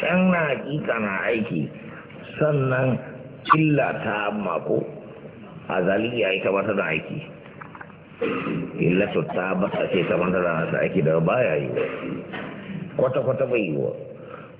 can na hakika na aiki sannan killa ta mako a zaliya ita ba ta da aiki su ta ba ta ce ta manta da nasa aiki da ya yi kwata-kwata bai yi wa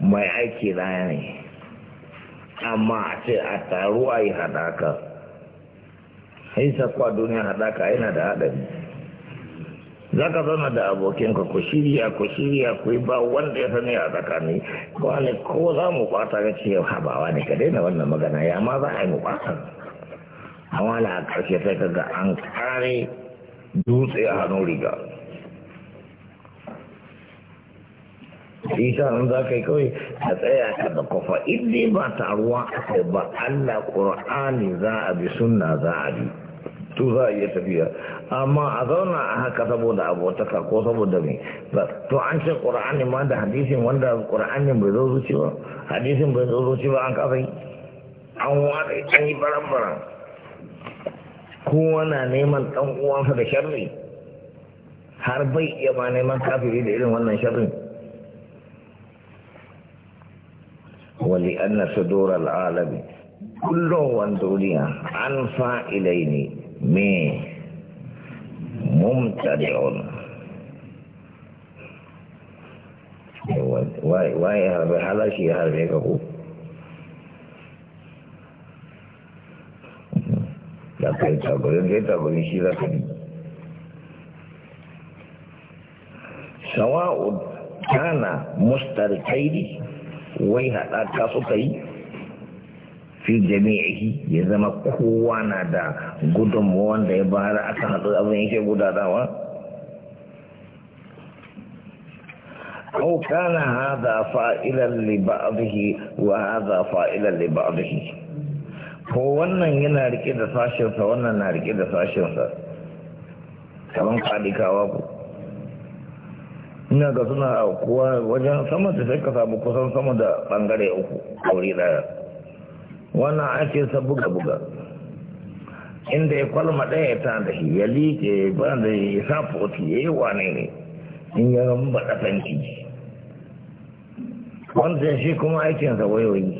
mai aiki na ne amma a ce a taru a yi hadaka haisa kwa duniya hadaka yana da haɗari za ka zauna da abokinka ku shirya ku shirya ku yi ba wanda ya sani a tsakani wani ko za mu kwata ga ce ba wani ka daina wannan magana ya ma za a yi mu kwata amma la a ƙarshe sai ka ga an kare dutse a hannun riga isa an za ka yi kawai a tsaya ka da kofa in ba taruwa ba allah ƙur'ani za a bi sunna za a bi to za a iya tafiya amma a zauna a haka saboda abotaka ko saboda mai to an ce ƙura'ani ma da hadisin wanda ƙura'anin bai zo zuci ba hadisin bai zo zuci ba an kafa yi an watsa an yi baran-baran kowa na neman ɗan uwansa da sharri har bai iya ma neman kafiri da irin wannan sharrin wali an na su dora al'alami kullum wani duniya an fa'ilai ne me mumtadi'un waye harbe halashi ya harbe ka ku da ka yi wai haɗa ka suka yi fi jami'ihi ya zama kowa na da gudunmu wanda ya bayar aka haɗu abin yake gudanawa أو كان هذا فائلا لبعضه وهذا فائلا لبعضه ko wannan yana rike da sashensa wannan na rike da sashensa kaman kadikawa ku ina ga suna kowa wajen sama da sai ka samu kusan sama da bangare uku a wuri daya wannan aikinsa buga-buga inda ya kwalma ɗaya ta da shi ya liƙe ba da ya sa foti ya yi wane ne in ya ramba da fanki wanda shi kuma aikinsa wayoyi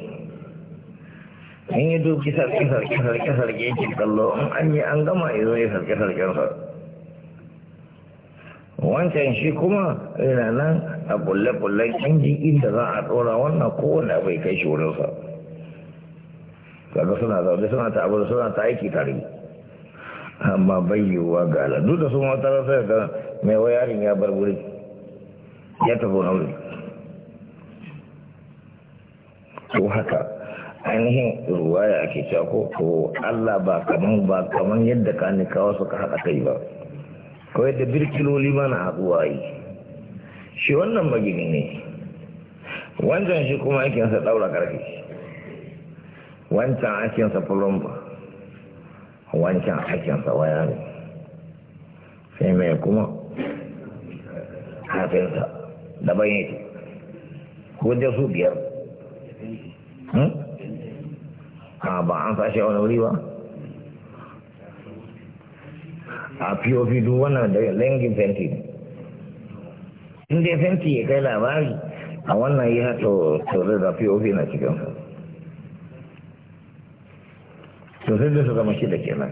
in yi duk kisar kisar kisar sarki yake kallo in an yi an gama ya zo ya sarki-sarkinsa wancan shi kuma yana nan a bulle-bulle bullen inji inda za a ɗora wannan kowane bai kai shi wurinsa kaga suna zaune suna ta abu suna ta aiki tare amma bayyuwa ga aladu da su matar rasa ga mai wayarin ya bar wuri ya tafi na wuri to haka ainihin ruwa ya ake cewa ko Allah ba kaman ba kaman yadda ka su suka haka kai ba ko yadda birkiloli mana haɗuwa yi shi wannan magini ne wancan shi kuma aikinsa ɗaura ƙarfi wancan aikinsa ba wancan aikinsa waya ne sai mai kuma hafinsa daban yake wajen su biyar hmm? a ba an sashe wani wuri ba a pov duk wannan da lengin fenti ne inda fenti ya kai labari a wannan ya to tare da pov na cikinsa to sai zai su zama shida kenan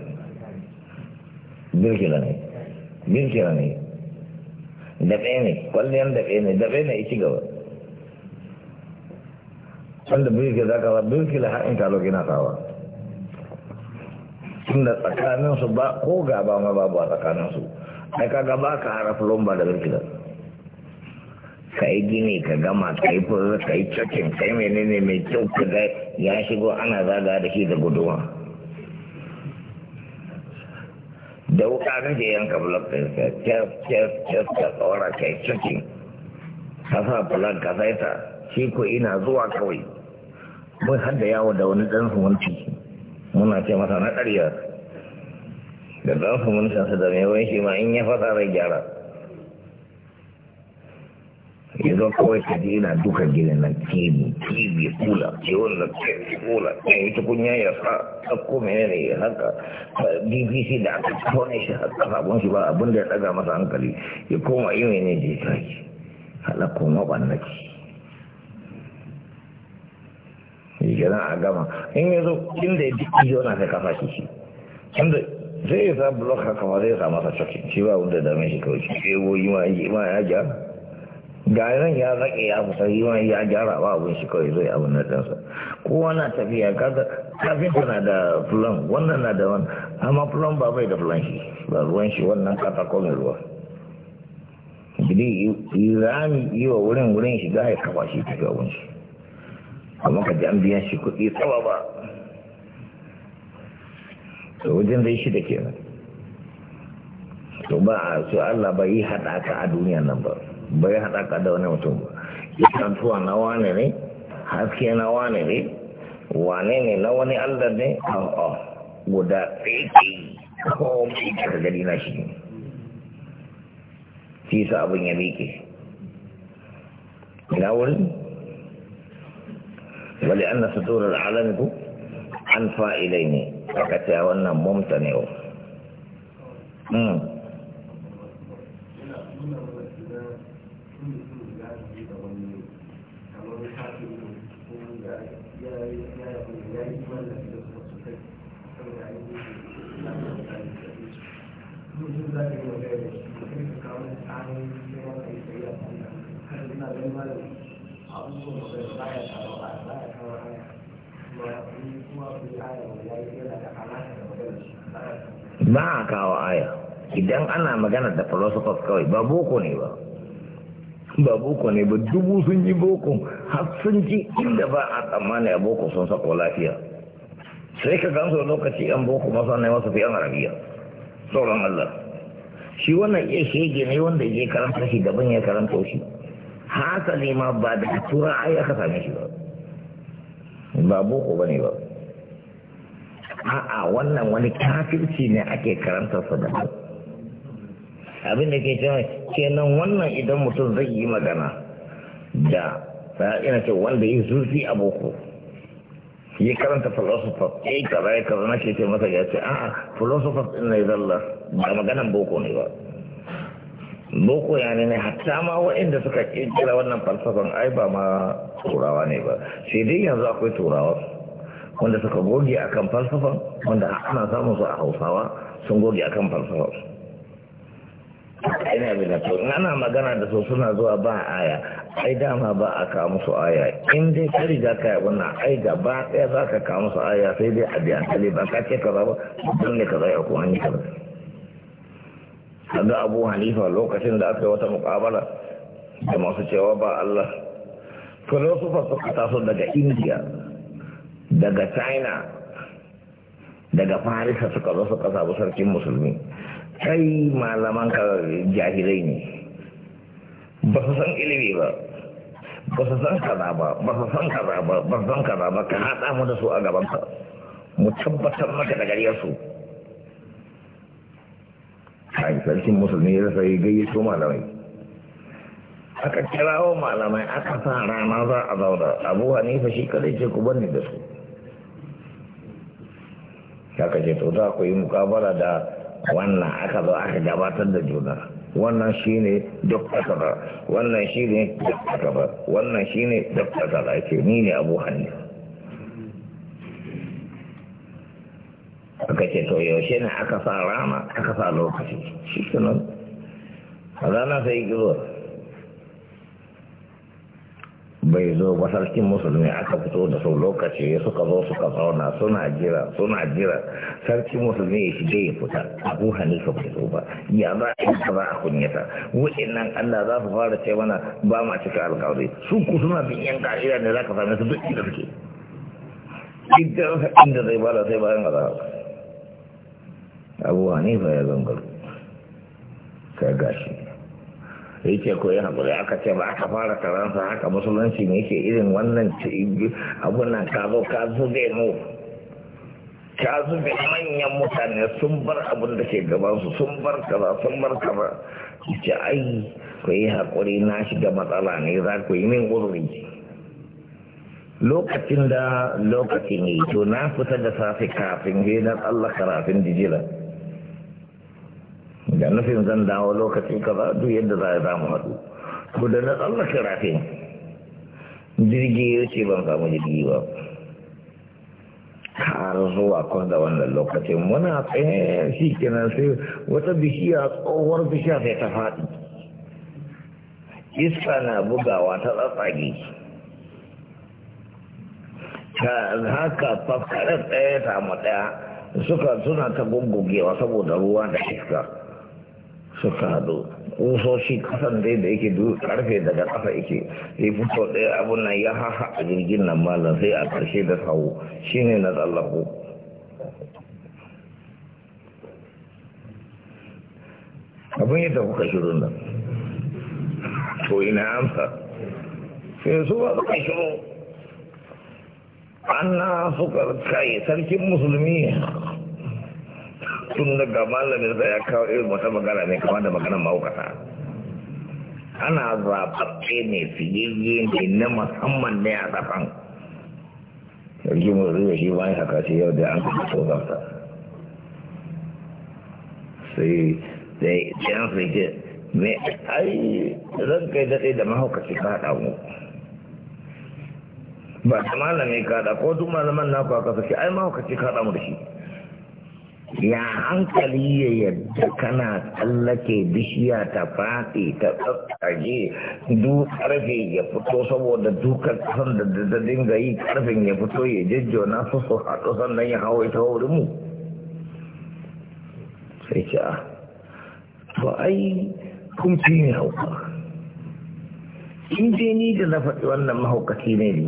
biyar ne biyar kenan ne daɓe ne kwalliyar daɓe ne daɓe ne ci gaba wanda birki za ka ba birki har in talo gina kawa tunda su ba ko gaba ma babu a tsakanin su ai ka gaba ka hara lomba da birki da ka yi gini ka gama ka yi furza ka yi cakin ka yi menene mai kyau ka ga ya shigo ana zaga da shi da guduwa da wuka kake yanka blok ɗin ka kef kyaf kyaf ka tsawara ka yi cikin ka sa blok ka saita shi ko ina zuwa kawai mun hadda yawo da wani ɗan sumunci muna ce masa na ƙarya da ɗan sumuncinsa da mai wani shi ma in ya fasa rai gyara ya zo kawai ka je yana duka gidan nan tv tv kula ke wannan tv kula ya ta kun ya sa ta kome ne ya haka bbc da aka tone shi a ƙasabon shi ba abin da ya daga masa hankali ya koma yi mai ne ya tashi halakko maɓannaci shi a gama in ya zo inda ya duk ijo na sai kafa shi shi inda zai yi sa blok haka ma zai sa masa cokin shi ba wanda dame shi kawai shi ya yi ma ya ja garin ya zaƙe ya fita yi ya gyara wa abin shi kawai zai abin na ɗansa kowa na tafiya kaga kafin na da fulan wannan na da wani amma fulan ba bai da fulan shi ba ruwan shi wannan katako mai ruwa gidi rami yi wa wurin wurin shiga ya kafa shi tafi abin shi amma ka ji an biya shi kuɗi tsawa ba to wajen zai shi da kenan to ba a su Allah ba yi haɗaka a duniya nan ba bai haɗa ka da wani mutum ba tuwa na wane ne haske na wane ne wane ne na wani allah ne a guda ko mai daga gari na shi ne shi sa abin ya miƙe na wuri wali an na suturar alamku an fa'ilai ne a ce wannan mumta ne hmm. wa ba a kawo aya idan ana magana da philosopher kawai babu ko ne ba ba boko ne ba dubu sun yi boko har sun ji inda ba a tsammani a boko sun sako lafiya sai ka gansu lokaci yan boko masu ne masu fiye arabiya sauran Allah shi wannan iya shege ne wanda ya karanta shi daban ya karanta shi ne ma ba da tura ai aka same shi ba ba boko ne ba a'a wannan wani kafirci ne ake karanta sa da abin ke cewa kenan wannan idan mutum zai yi magana da ina ce wanda ya zurfi a boko ya karanta philosophers ya yi kara ya kara na ke ce masa ya ce a'a philosophers din na yi zalla ba maganan boko ne ba boko ya ne hatta ma waɗanda suka kira wannan falsafan ai ba ma turawa ne ba sai dai yanzu akwai turawa wanda suka goge akan falsafan wanda ana samun su a hausawa sun goge akan falsafan aina bi da to ana magana da su suna zuwa ba aya ai dama ba a kawo musu aya in dai ka riga ka yi wannan ai ba ɗaya za ka kawo musu aya sai dai a biya kale ba ka ce kaza ba don ne ka ya ko hanyar. ka kaza abu hanifa lokacin da aka yi wata muƙabala da masu cewa ba allah filosofa suka taso daga india daga china daga farisa suka zo suka sabu sarkin musulmi kai malaman ka jahilai ne ba su san ilimi ba ba su san kaza ba ba su san kaza ba ba su san kaza ba ka haɗa mu da su a gaban ka mu tabbatar maka da gariyar su kai sarkin musulmi ya zai yi gayyato malamai aka kirawo malamai aka sa rana za a zauna abu hanifa shi kadai ce ku bani da su ya kace to za ku yi mukabara da wannan aka zo aka gabatar da juna wannan shine duk kaza wannan shine duk kaza wannan shine duk kaza ake ni ne abu hannu aka ce to yaushe ne aka sa rana aka sa lokaci shi sunan a rana sai gizo bai zo ba sarkin musulmi aka fito da sau lokaci suka zo suka zauna suna jira suna jira sarkin musulmi ya shige ya fita abu hanifa bai zo ba ya za a yi za a kunyata nan allah za su fara ce mana ba ma cika alkawari su ku suna bin yan ka'ida ne za ka same su duk inda suke idan inda zai bada sai bayan abu hanifa ya zangaro ka gashi yake ce ko aka ce ba aka fara karansa haka musulunci ne ke irin wannan abunan ka zo ka zube mu ka zube manyan mutane sun bar abin da ke gabansu sun bar kaza sun bar kaza ce ai ku yi haƙuri na shiga matsala ne za ku yi min uzuri lokacin da lokacin yi to na fita da safe kafin gina tsallaka rafin dijira da nufin zan dawo lokaci kaza duk yadda za a zamu haɗu ko da na tsallar rafin jirgi ya ce ban samu jirgi ba har zuwa kwanda wannan lokacin muna tsaye shi kenan sai wata bishiya tsohuwar bishiya sai ta faɗi iska na bugawa ta tsatsage ta haka fafkarar ɗaya ta mu ɗaya suka suna ta gungugewa saboda ruwa da iska suka haɗu ƙusoshi kasan dai da yake duk karfe daga ƙasa yake zai fito ɗaya abun nan ya haha a jirgin nan malam sai a ƙarshe da shi shine na tsallaku abin yadda kuka shirin nan to ina amsa sai su ba suka shiru an na suka kai sarkin musulmi tun daga malamin sa ya kawo irin wata magana ne kama da maganar ma'aukata. ana zaɓaɓɓe ne fiye ne na musamman ne a zafan yanzu mu zuwa shi bayan haka shi yau da an kuma so zafta sai dai ɗayan sai ce me ai zan kai daɗe da mahaukaci ka haɗa mu ba da malami ka haɗa ko duk malaman na ku aka ai mahaukaci ka haɗa mu da shi ya hankali ya yadda kana tsallake bishiya ta faɗi ta tsatsage duk ƙarfe ya fito saboda dukkan ƙasar da da dinga yi karfin ya fito ya na su su haɗu sannan ya hawa ta wuri mu sai ce a ah, to ai kun fi ne hauka in je ni da na faɗi wannan mahaukaci ne ne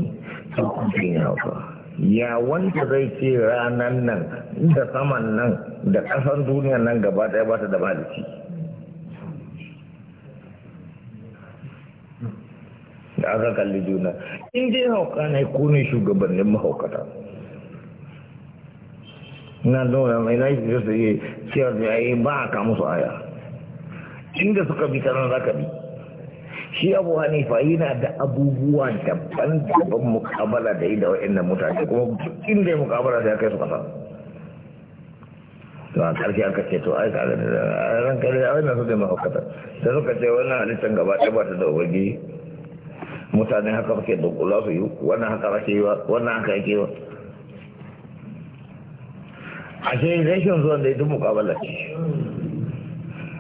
to kun fi ne hauka ya wanda zai ce ranar nan da saman nan da ƙasar duniya nan gaba ɗaya ba ta da maliki da aka kalli juna in dai hauka ne ko ne shugabannin mahaukata na nuna mai na yi su yi ciyar da ya yi ba a kamusu aya inda suka bi ta nan za ka bi shi abu hanifa yana da abubuwa daban-daban mukabala da yi da wa'annan mutane kuma inda ya mukabala sai kai su kasa to a ƙarshe aka ce to ai ƙarar da ran kare a wannan su da mahaukata da suka ce wannan halittar gaba ɗaya ba ta da ubangi mutane haka suke kula su yi wannan haka ake yi wannan haka ake yi ce ashe rashin zuwan da ya duk mukabala ce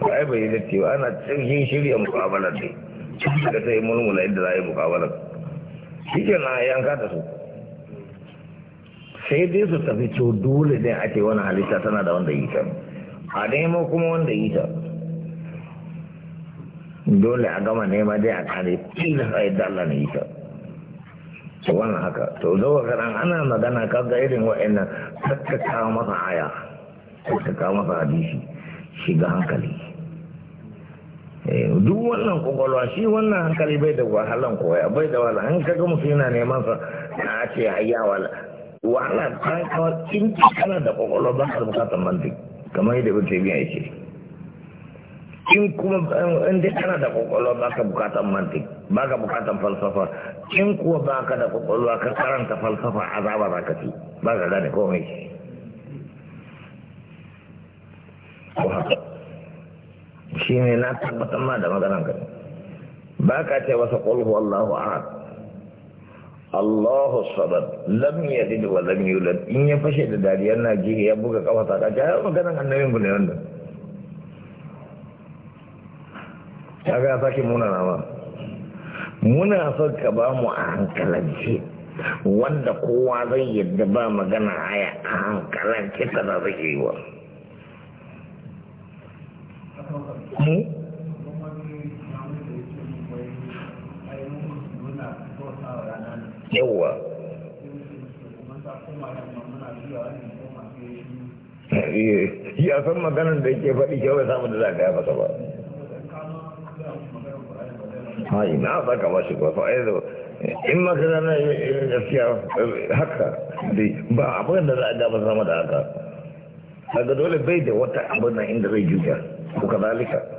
ba ai bai yi datti ba ana cikin shirya mukabala ne da ta yi mulmula yadda za a yi mukawalar shi ke na yanka da su sai dai su tafi to dole ne ake wani halitta tana da wanda yi ta a nemo kuma wanda yi ta dole a gama nema dai a kare filin a yadda Allah na yi ta to wannan haka to zuwa kaɗan ana magana kaga irin wa'annan kakka kawo masa aya tattaka masa hadisi shiga hankali Eh, duk wannan kwakwalwa shi wannan hankali bai da wahalan koya bai da wahala an kaga mutum yana neman sa na ce hayya wala wahala ta kawo cinci kana da kwakwalwa ba ka bukatar mantik kamar yadda ibn ya ce in kuma in dai kana da kwakwalwa ba ka bukatar mantik ba ka bukatar falsafa in kuwa ba ka da kwakwalwa ka karanta falsafa azaba za ka ci ba ka gane komai ko haka shi ne na tabbatar ma da maganan ka ba ka ce wasa ƙulhu huwallahu ahad Allahu sabad lam yalid wa lam yulad in ya fashe da dariyar na ji ya buga kafa ta ka ja maganan annabin ku ne wannan kaga ya sake muna nama muna son ka ba mu a hankalance wanda kowa zai yadda ba magana aya a hankalance ta da zai yi wa mu yawa eh, ya san maganar da yake faɗi kyau samun da za ka yafa ba ha ina za ka ba shi ba fa'ido in magana na eh, eh, gaskiya haka dai ba abin da za a gaba sama da haka daga dole bai da wata abin nan inda zai juya ko kazalika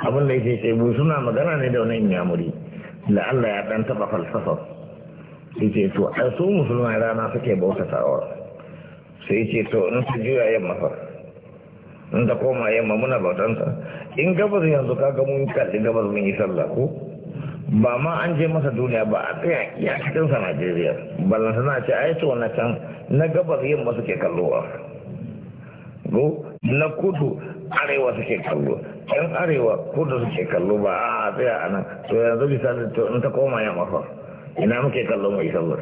abin da yake cebu suna magana ne da wani yamuri da Allah ya dan taba falsafa ce to a su musulmai rana suke bauta sawa sai ce to in su juya yamma fa in ta koma yamma muna sa in gabas yanzu ga mun kalli gabas mun yi sallah ko ba ma an je masa duniya ba a tsaya iya cikin sa Najeriya ballan sana ce ai to na can na gabas yamma suke kallowa go na kudu arewa suke kallo yan arewa kudu suke kallo ba a tsaya a nan to yanzu bisa to in ta koma ya mafa ina muke kallo mai sallar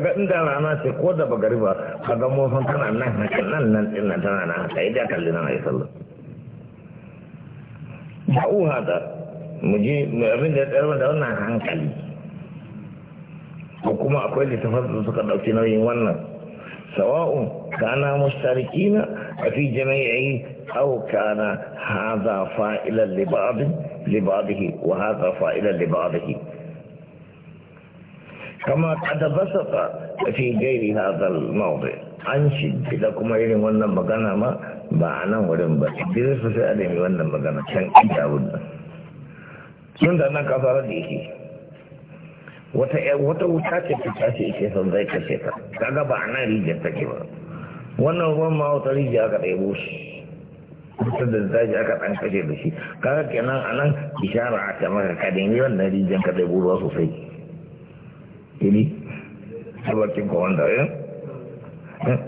ga inda rana ce ko da bagari ba a ga mafan tana nan hakan nan nan din nan tana nan haka idan kalli nan yi sallar da'u hada mu ji abin da ya tsayar da wannan hankali ko kuma akwai littafin da suka dauki nauyin wannan سواء كانا مشتركين في جميعه أو كان هذا فائلا لبعض لبعضه وهذا فائلا لبعضه كما قد بسط في غير هذا الموضع أنشد لكم أين وانا مغانا ما بعنا ولم بس بس بس أين كان إجابنا كنت أنا كفر به wata wata wuta ce ta tashi ita san zai kashe ta kaga ba nan rijiyar take ba wannan ruwan ma wata rijiya aka ɗebo shi wata da zaji aka ɗan kashe da shi kaga kenan a nan ishara a ta maka kadin nemi wannan rijiyar ka ɗebo ruwa sosai kini ta bakin ko wanda ya eh? eh?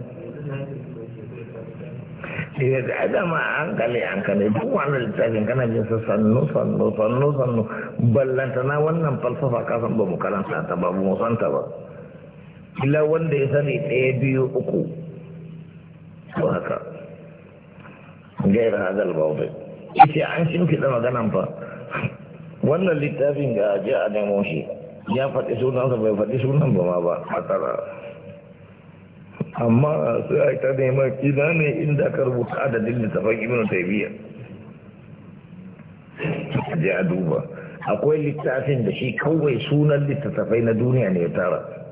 sai ga adama hankali hankali duk wani littafin kana jin sa sannu sannu sannu sannu ballantana wannan falsafa ka san ba mu karanta ta ba mu san ta ba illa wanda ya sani ɗaya biyu uku ko haka gaira hadal wani ita an shimfiɗa maganan fa wannan littafin ga ajiya a nemo shi ya faɗi sunansa bai faɗi sunan ba ma ba a tsara amma sai a ta nema ina ne inda ka rubuta adadin littafin ibn taymiya je a duba akwai littafin da shi kawai sunan littattafai na duniya ne ya tara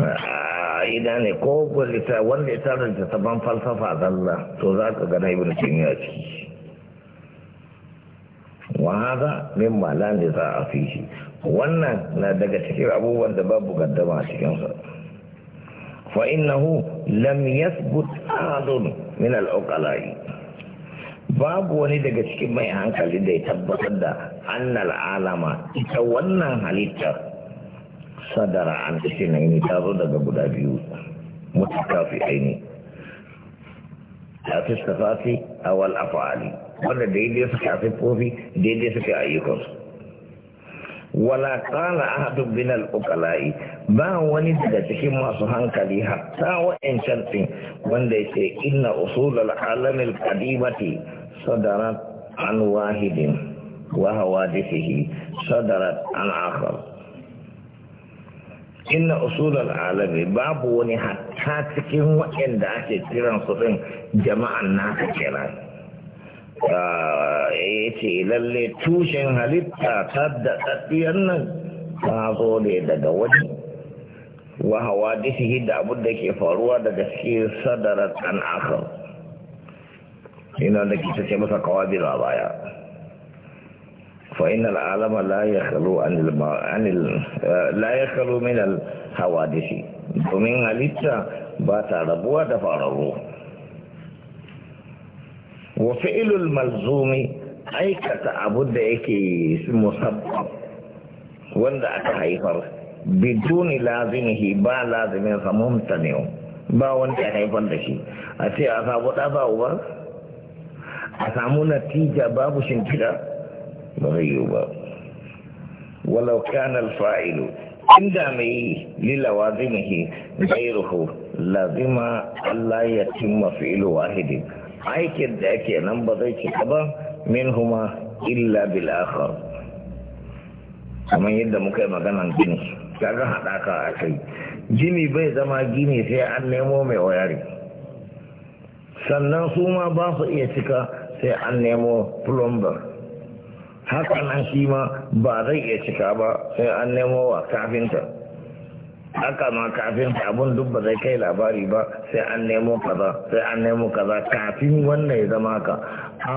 ah, ina ne ko wanda ya tara littattafan falsafa zalla to za ka gana ibn taymiya ciki da za a fi shi. wannan na daga cikin abubuwan da babu gaddama a cikinsa fa innahu lam yathbut ahadun min al-uqala'i babu wani daga cikin mai hankali da ya tabbatar da annal alama ita wannan halittar sadara an cikin aini ta zo daga guda biyu mutakafi aini ta fi safafi awal afali wanda daidai suka fi kofi daidai suka ayyukansu wala kala ahadun Binal al ba wani daga cikin masu hankali hatta wa'ancan din wanda yake inna usul al-alam al-qadimati sadarat an wahidin wa hawadithihi sadarat an akhar inna usul al-alam babu wani hatta cikin wa'anda ake kiran su din jama'an naka kenan Eh, ya ce lalle tushen halitta ta da ɗaɗɗiyar nan ta zo ne daga wani wa hawa shi da abin da ke faruwa daga gaske sadarar an akar ina da kita ce masa bi a baya fa'in al'alama la ya eh, kalu min al hawa disi domin halitta ba ta rabuwa da fararru wa fi'ilul malzumi aikata abu da yake musabbab wanda aka haifar biduni lazimihi ba lazimin sa mumtani'u ba wanda ya haifar da shi a ce a samu da ba a samu natija babu shinkida ba zai yiwu ba walau kana inda mai lilawazimihi ghayruhu lazima Allah ya timma fi'lu wahidin aikin da yake nan ba zai cika ba min huma illa bil akhar kamar yadda muka yi maganan gini kaga haɗaka a kai gini bai zama gini sai an nemo mai wayari sannan su ma ba su iya cika sai an nemo plumber haka nan shi ma ba zai iya cika ba sai an nemo wa kafinta haka ma kafin abun duk ba zai kai labari ba sai an nemo kaza sai an nemo kaza kafin wannan ya zama ka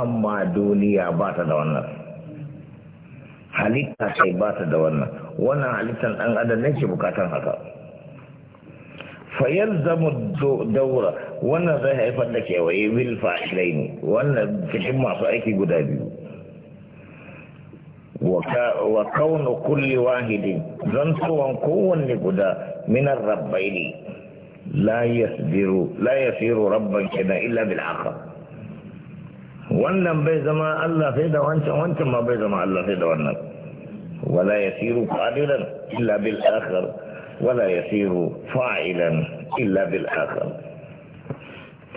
amma duniya ba ta da wannan halitta sai ba ta da wannan wannan halittar dan adam ne ke bukatan haka fayar zama daura wannan zai haifar da kewaye wil ilai ne wannan cikin masu aiki guda biyu wa kaunu kulli wahidin واحد زنسوا كون لقدا من الربين لا يصدر لا rabban ربا illa bil بالآخر wannan bai zama Allah sai da wancan wancan ma bai zama Allah sai da wannan wala yasiru qadiran illa bil akhir wala yasiru fa'ilan illa bil akhir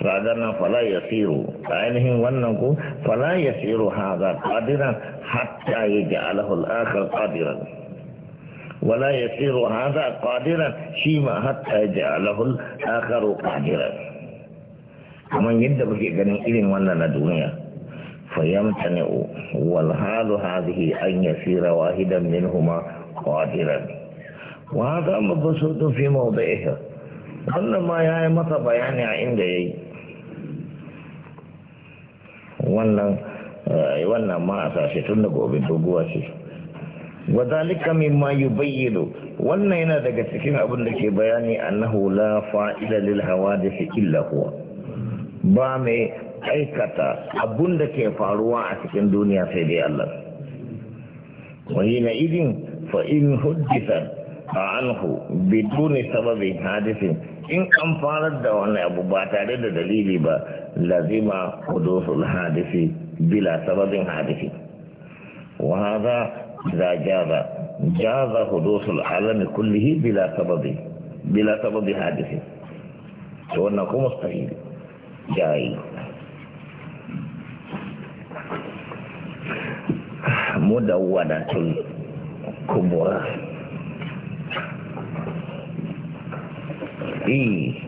فعدنا فلا يسير عينه وننكو فلا يصير هذا قادرا حتى يجعله الآخر قادرا ولا يصير هذا قادرا شيما حتى يجعله الآخر قادرا ومن يدب في جنين إذن ونن الدنيا فيمتنع والحال هذه أن يصير واحدا منهما قادرا وهذا مبسوط في موضعه كل ما يعني yi يعني عند wannan eh, wannan ma a sashe tun da gobe doguwa ce wa zalika mimma yubayyinu wannan yana daga cikin abin da ke bayani annahu la fa'ila lil hawadith illa huwa ba mai aikata abun da ke faruwa a cikin duniya sai dai Allah wa hina idin fa in huddithat عنه بدون سبب حادث إن أنفرد دون أبو باتاري دليل با لزم حدوث الحادث بلا سبب حادث وهذا إذا جاز جاز حدوث العالم كله بلا سبب بلا سبب حادث وأنه مستحيل جاي مدونة كبرى be